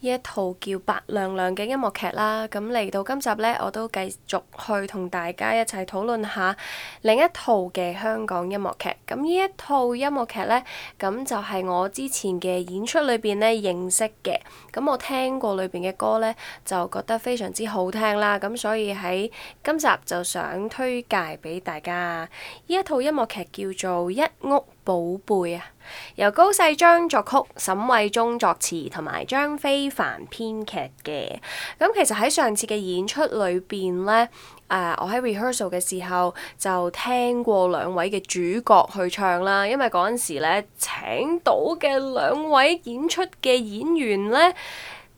呢一套叫白亮亮《白娘娘》嘅音樂劇啦，咁嚟到今集呢，我都繼續去同大家一齊討論下另一套嘅香港音樂劇。咁呢一套音樂劇呢，咁就係我之前嘅演出裏邊呢，認識嘅。咁我聽過裏邊嘅歌呢，就覺得非常之好聽啦。咁所以喺今集就想推介俾大家，呢一套音樂劇叫做《一屋》寶貝啊，由高世章作曲、岑偉宗作詞，同埋張飛帆編劇嘅。咁其實喺上次嘅演出裏邊呢，誒、呃，我喺 rehearsal 嘅時候就聽過兩位嘅主角去唱啦。因為嗰陣時咧，請到嘅兩位演出嘅演員呢，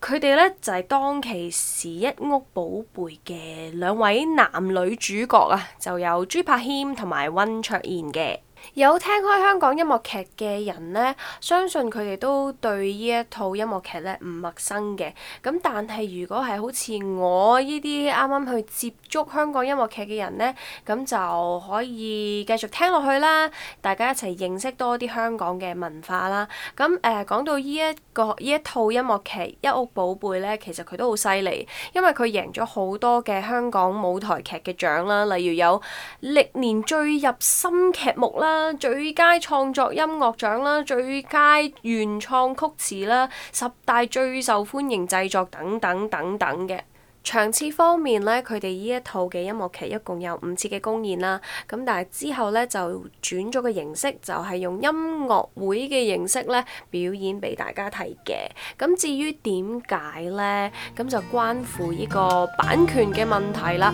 佢哋呢就係、是、當其時《一屋寶貝》嘅兩位男女主角啊，就有朱栢謙同埋溫卓妍嘅。有聽開香港音樂劇嘅人咧，相信佢哋都對呢一套音樂劇咧唔陌生嘅。咁但係如果係好似我呢啲啱啱去接觸香港音樂劇嘅人咧，咁就可以繼續聽落去啦。大家一齊認識多啲香港嘅文化啦。咁誒、呃、講到呢一個呢一套音樂劇《一屋寶貝》咧，其實佢都好犀利，因為佢贏咗好多嘅香港舞台劇嘅獎啦，例如有歷年最入心劇目啦。最佳創作音樂獎啦，最佳原創曲詞啦，十大最受歡迎製作等等等等，嘅場次方面呢，佢哋呢一套嘅音樂劇一共有五次嘅公演啦，咁但係之後呢，就轉咗個形式，就係、是、用音樂會嘅形式呢表演俾大家睇嘅。咁至於點解呢？咁就關乎呢個版權嘅問題啦。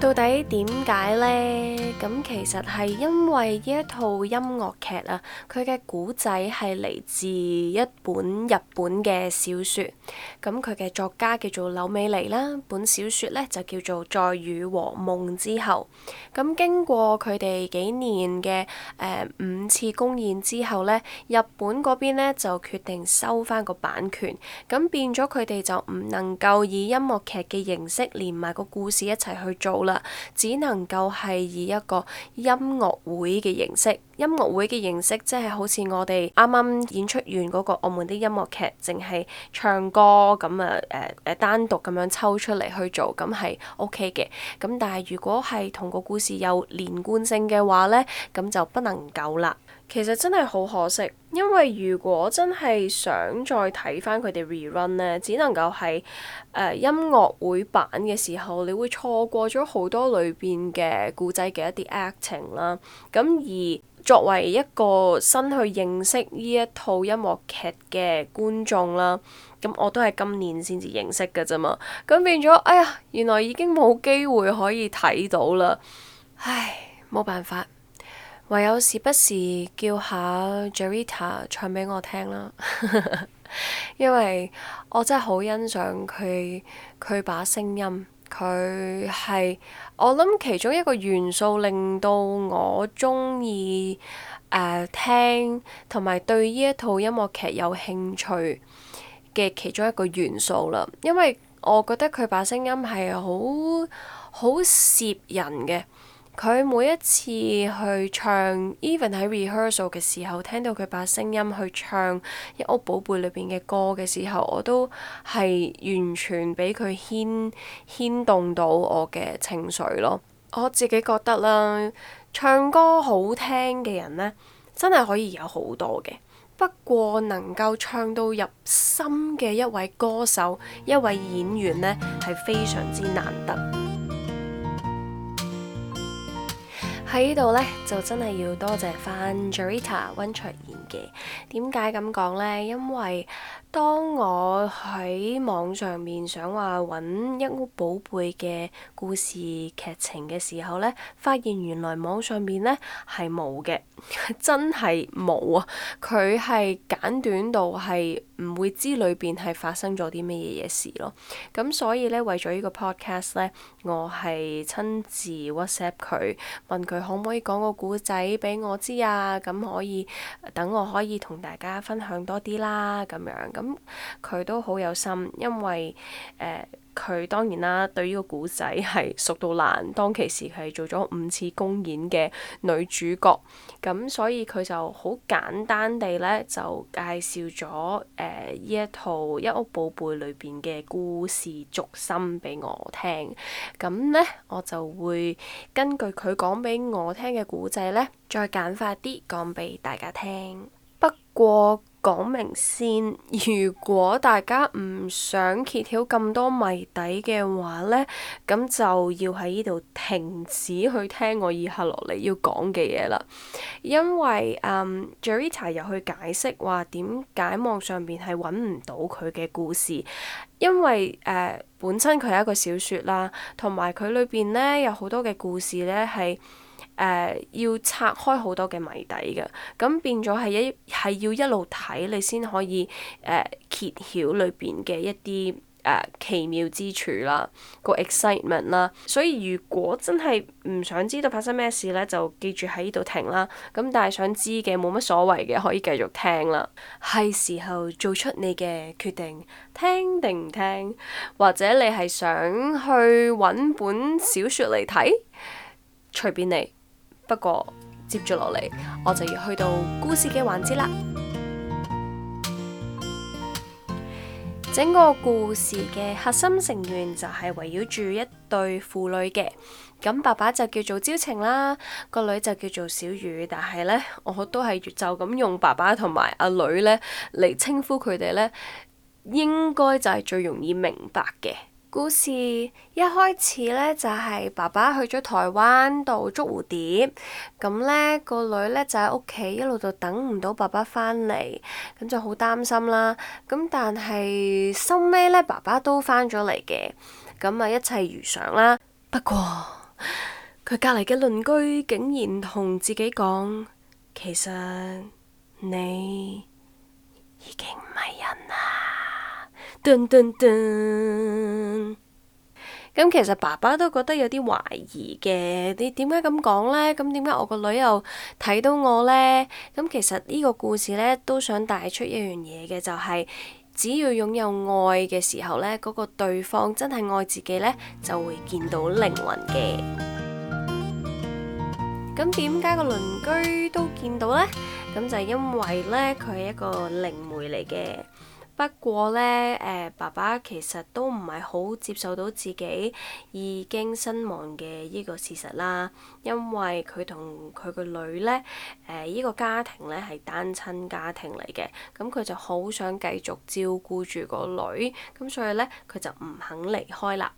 到底點解咧？咁其實係因為呢一套音樂劇啊，佢嘅古仔係嚟自一本日本嘅小說。咁佢嘅作家叫做柳美妮啦，本小說咧就叫做《在雨和夢之後》。咁經過佢哋幾年嘅誒、呃、五次公演之後咧，日本嗰邊咧就決定收翻個版權，咁變咗佢哋就唔能夠以音樂劇嘅形式連埋個故事一齊去做。只能夠係以一個音樂會嘅形式，音樂會嘅形式即係好似我哋啱啱演出完嗰個我們啲音樂劇，淨係唱歌咁啊，誒誒單獨咁樣抽出嚟去做，咁係 OK 嘅。咁但係如果係同個故事有連貫性嘅話呢，咁就不能夠啦。其實真係好可惜，因為如果真係想再睇翻佢哋 re-run 呢，run，只能夠喺誒音樂會版嘅時候，你會錯過咗好多裏邊嘅故仔嘅一啲 acting 啦。咁而作為一個新去認識呢一套音樂劇嘅觀眾啦，咁我都係今年先至認識嘅啫嘛。咁變咗，哎呀，原來已經冇機會可以睇到啦。唉，冇辦法。唯有時不時叫下 Jerrita 唱俾我聽啦， 因為我真係好欣賞佢佢把聲音，佢係我諗其中一個元素令到我鍾意誒聽，同埋對呢一套音樂劇有興趣嘅其中一個元素啦，因為我覺得佢把聲音係好好攝人嘅。佢每一次去唱，even 喺 rehearsal 嘅時候，聽到佢把聲音去唱《一屋寶貝》裏邊嘅歌嘅時候，我都係完全俾佢牽牽動到我嘅情緒咯。我自己覺得啦，唱歌好聽嘅人呢，真係可以有好多嘅。不過能夠唱到入心嘅一位歌手、一位演員呢，係非常之難得。喺呢度呢，就真係要多謝返 Jarita 溫卓言嘅。點解咁講呢？因為當我喺網上面想話揾一屋寶貝嘅故事劇情嘅時候咧，發現原來網上面咧係冇嘅，真係冇啊！佢係簡短到係唔會知裏邊係發生咗啲咩嘢嘢事咯。咁所以咧，為咗呢個 podcast 咧，我係親自 whatsapp 佢問佢可唔可以講個故仔俾我知啊？咁可以等我可以同大家分享多啲啦，咁樣。咁佢、嗯、都好有心，因為佢、呃、當然啦，對呢個古仔係熟到爛，當其時係做咗五次公演嘅女主角，咁、嗯、所以佢就好簡單地呢就介紹咗呢一套《一屋寶貝》裏邊嘅故事軸心俾我聽。咁、嗯、呢，我就會根據佢講俾我聽嘅古仔呢，再簡化啲講俾大家聽。不過，講明先，如果大家唔想揭曉咁多謎底嘅話呢，咁就要喺呢度停止去聽我以下落嚟要講嘅嘢啦。因為嗯，j e r r i t a 又去解釋話點解網上邊係揾唔到佢嘅故事，因為誒、呃、本身佢係一個小説啦，同埋佢裏邊呢有好多嘅故事呢係。誒、uh, 要拆開好多嘅謎底嘅，咁變咗係一係要一路睇你先可以誒、uh, 揭曉裏邊嘅一啲誒、uh, 奇妙之處啦，個 excitement 啦。所以如果真係唔想知道發生咩事呢，就記住喺呢度停啦。咁但係想知嘅冇乜所謂嘅，可以繼續聽啦。係 時候做出你嘅決定，聽定唔聽？或者你係想去揾本小説嚟睇？隨便你，不過接住落嚟我就要去到故事嘅環節啦。整個故事嘅核心成員就係圍繞住一對父女嘅，咁爸爸就叫做朝情啦，個女就叫做小雨。但係呢，我都係就咁用爸爸同埋阿女呢嚟稱呼佢哋呢，應該就係最容易明白嘅。故事一開始咧，就係爸爸去咗台灣度捉蝴蝶，咁咧個女咧就喺屋企一路就等唔到爸爸返嚟，咁就好擔心啦。咁但係收尾咧，爸爸都返咗嚟嘅，咁啊一切如常啦。不過佢隔離嘅鄰居竟然同自己講，其實你已經唔係人。噉，噔噔噔其實爸爸都覺得有啲懷疑嘅，你點解咁講呢？咁點解我個女又睇到我呢？咁其實呢個故事呢，都想帶出一樣嘢嘅，就係只要擁有愛嘅時候呢，嗰個對方真係愛自己呢，就會見到靈魂嘅。咁點解個鄰居都見到呢？咁就係因為呢，佢係一個靈媒嚟嘅。不過咧，誒爸爸其實都唔係好接受到自己已經身亡嘅依個事實啦，因為佢同佢個女咧，誒、呃、依、這個家庭咧係單親家庭嚟嘅，咁、嗯、佢就好想繼續照顧住個女，咁、嗯、所以咧佢就唔肯離開啦。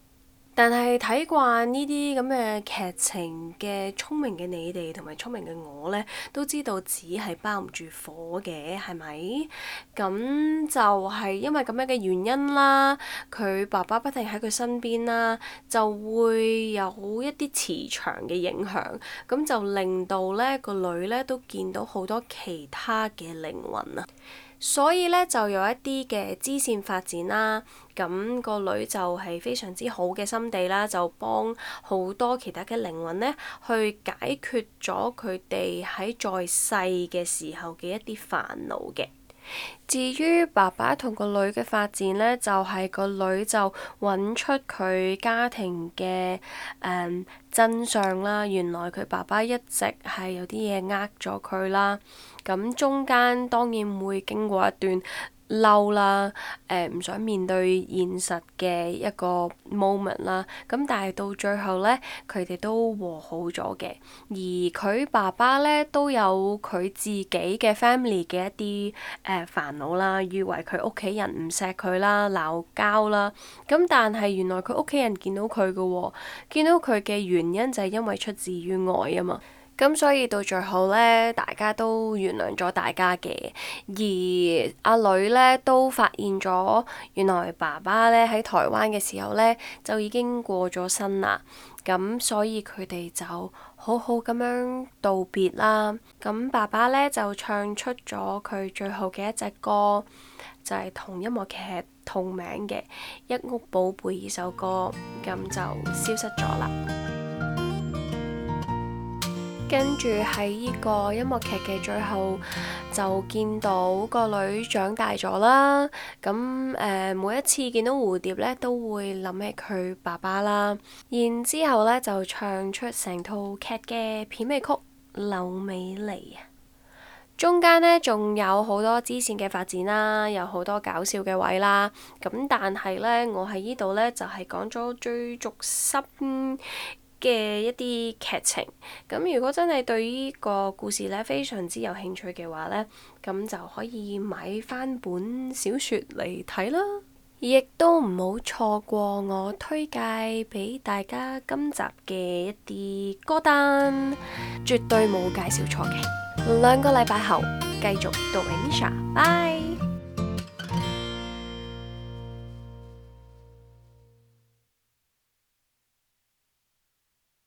但係睇慣呢啲咁嘅劇情嘅聰明嘅你哋同埋聰明嘅我呢，都知道紙係包唔住火嘅，係咪？咁就係因為咁樣嘅原因啦。佢爸爸不停喺佢身邊啦，就會有一啲磁場嘅影響，咁就令到呢個女呢都見到好多其他嘅靈魂啊。所以呢，就有一啲嘅支線發展啦。咁個女就係非常之好嘅心地啦，就幫好多其他嘅靈魂呢去解決咗佢哋喺在世嘅時候嘅一啲煩惱嘅。至於爸爸同個女嘅發展呢，就係個女就揾出佢家庭嘅誒真相啦。原來佢爸爸一直係有啲嘢呃咗佢啦。咁中間當然會經過一段。嬲啦，誒唔想面對現實嘅一個 moment 啦，咁但係到最後咧，佢哋都和好咗嘅。而佢爸爸咧都有佢自己嘅 family 嘅一啲誒煩惱啦，以為佢屋企人唔錫佢啦，鬧交啦。咁但係原來佢屋企人見到佢嘅喎，見到佢嘅原因就係因為出自於愛啊嘛。咁所以到最後呢，大家都原諒咗大家嘅，而阿女呢，都發現咗，原來爸爸呢喺台灣嘅時候呢，就已經過咗身啦。咁所以佢哋就好好咁樣道別啦。咁爸爸呢，就唱出咗佢最後嘅一隻歌，就係、是、同音樂劇同名嘅《一屋寶貝》呢首歌，咁就消失咗啦。跟住喺呢個音樂劇嘅最後，就見到個女長大咗啦。咁誒、呃，每一次見到蝴蝶咧，都會諗起佢爸爸啦。然之後咧，就唱出成套劇嘅片尾曲《劉美妮》啊。中間呢，仲有好多支線嘅發展啦，有好多搞笑嘅位啦。咁但係呢，我喺呢度呢，就係講咗追逐心嘅一啲劇情，咁如果真係對呢個故事呢，非常之有興趣嘅話呢，咁就可以買翻本小説嚟睇啦。亦都唔好錯過我推介俾大家今集嘅一啲歌單，絕對冇介紹錯嘅。兩個禮拜後繼續到 a Misha，Bye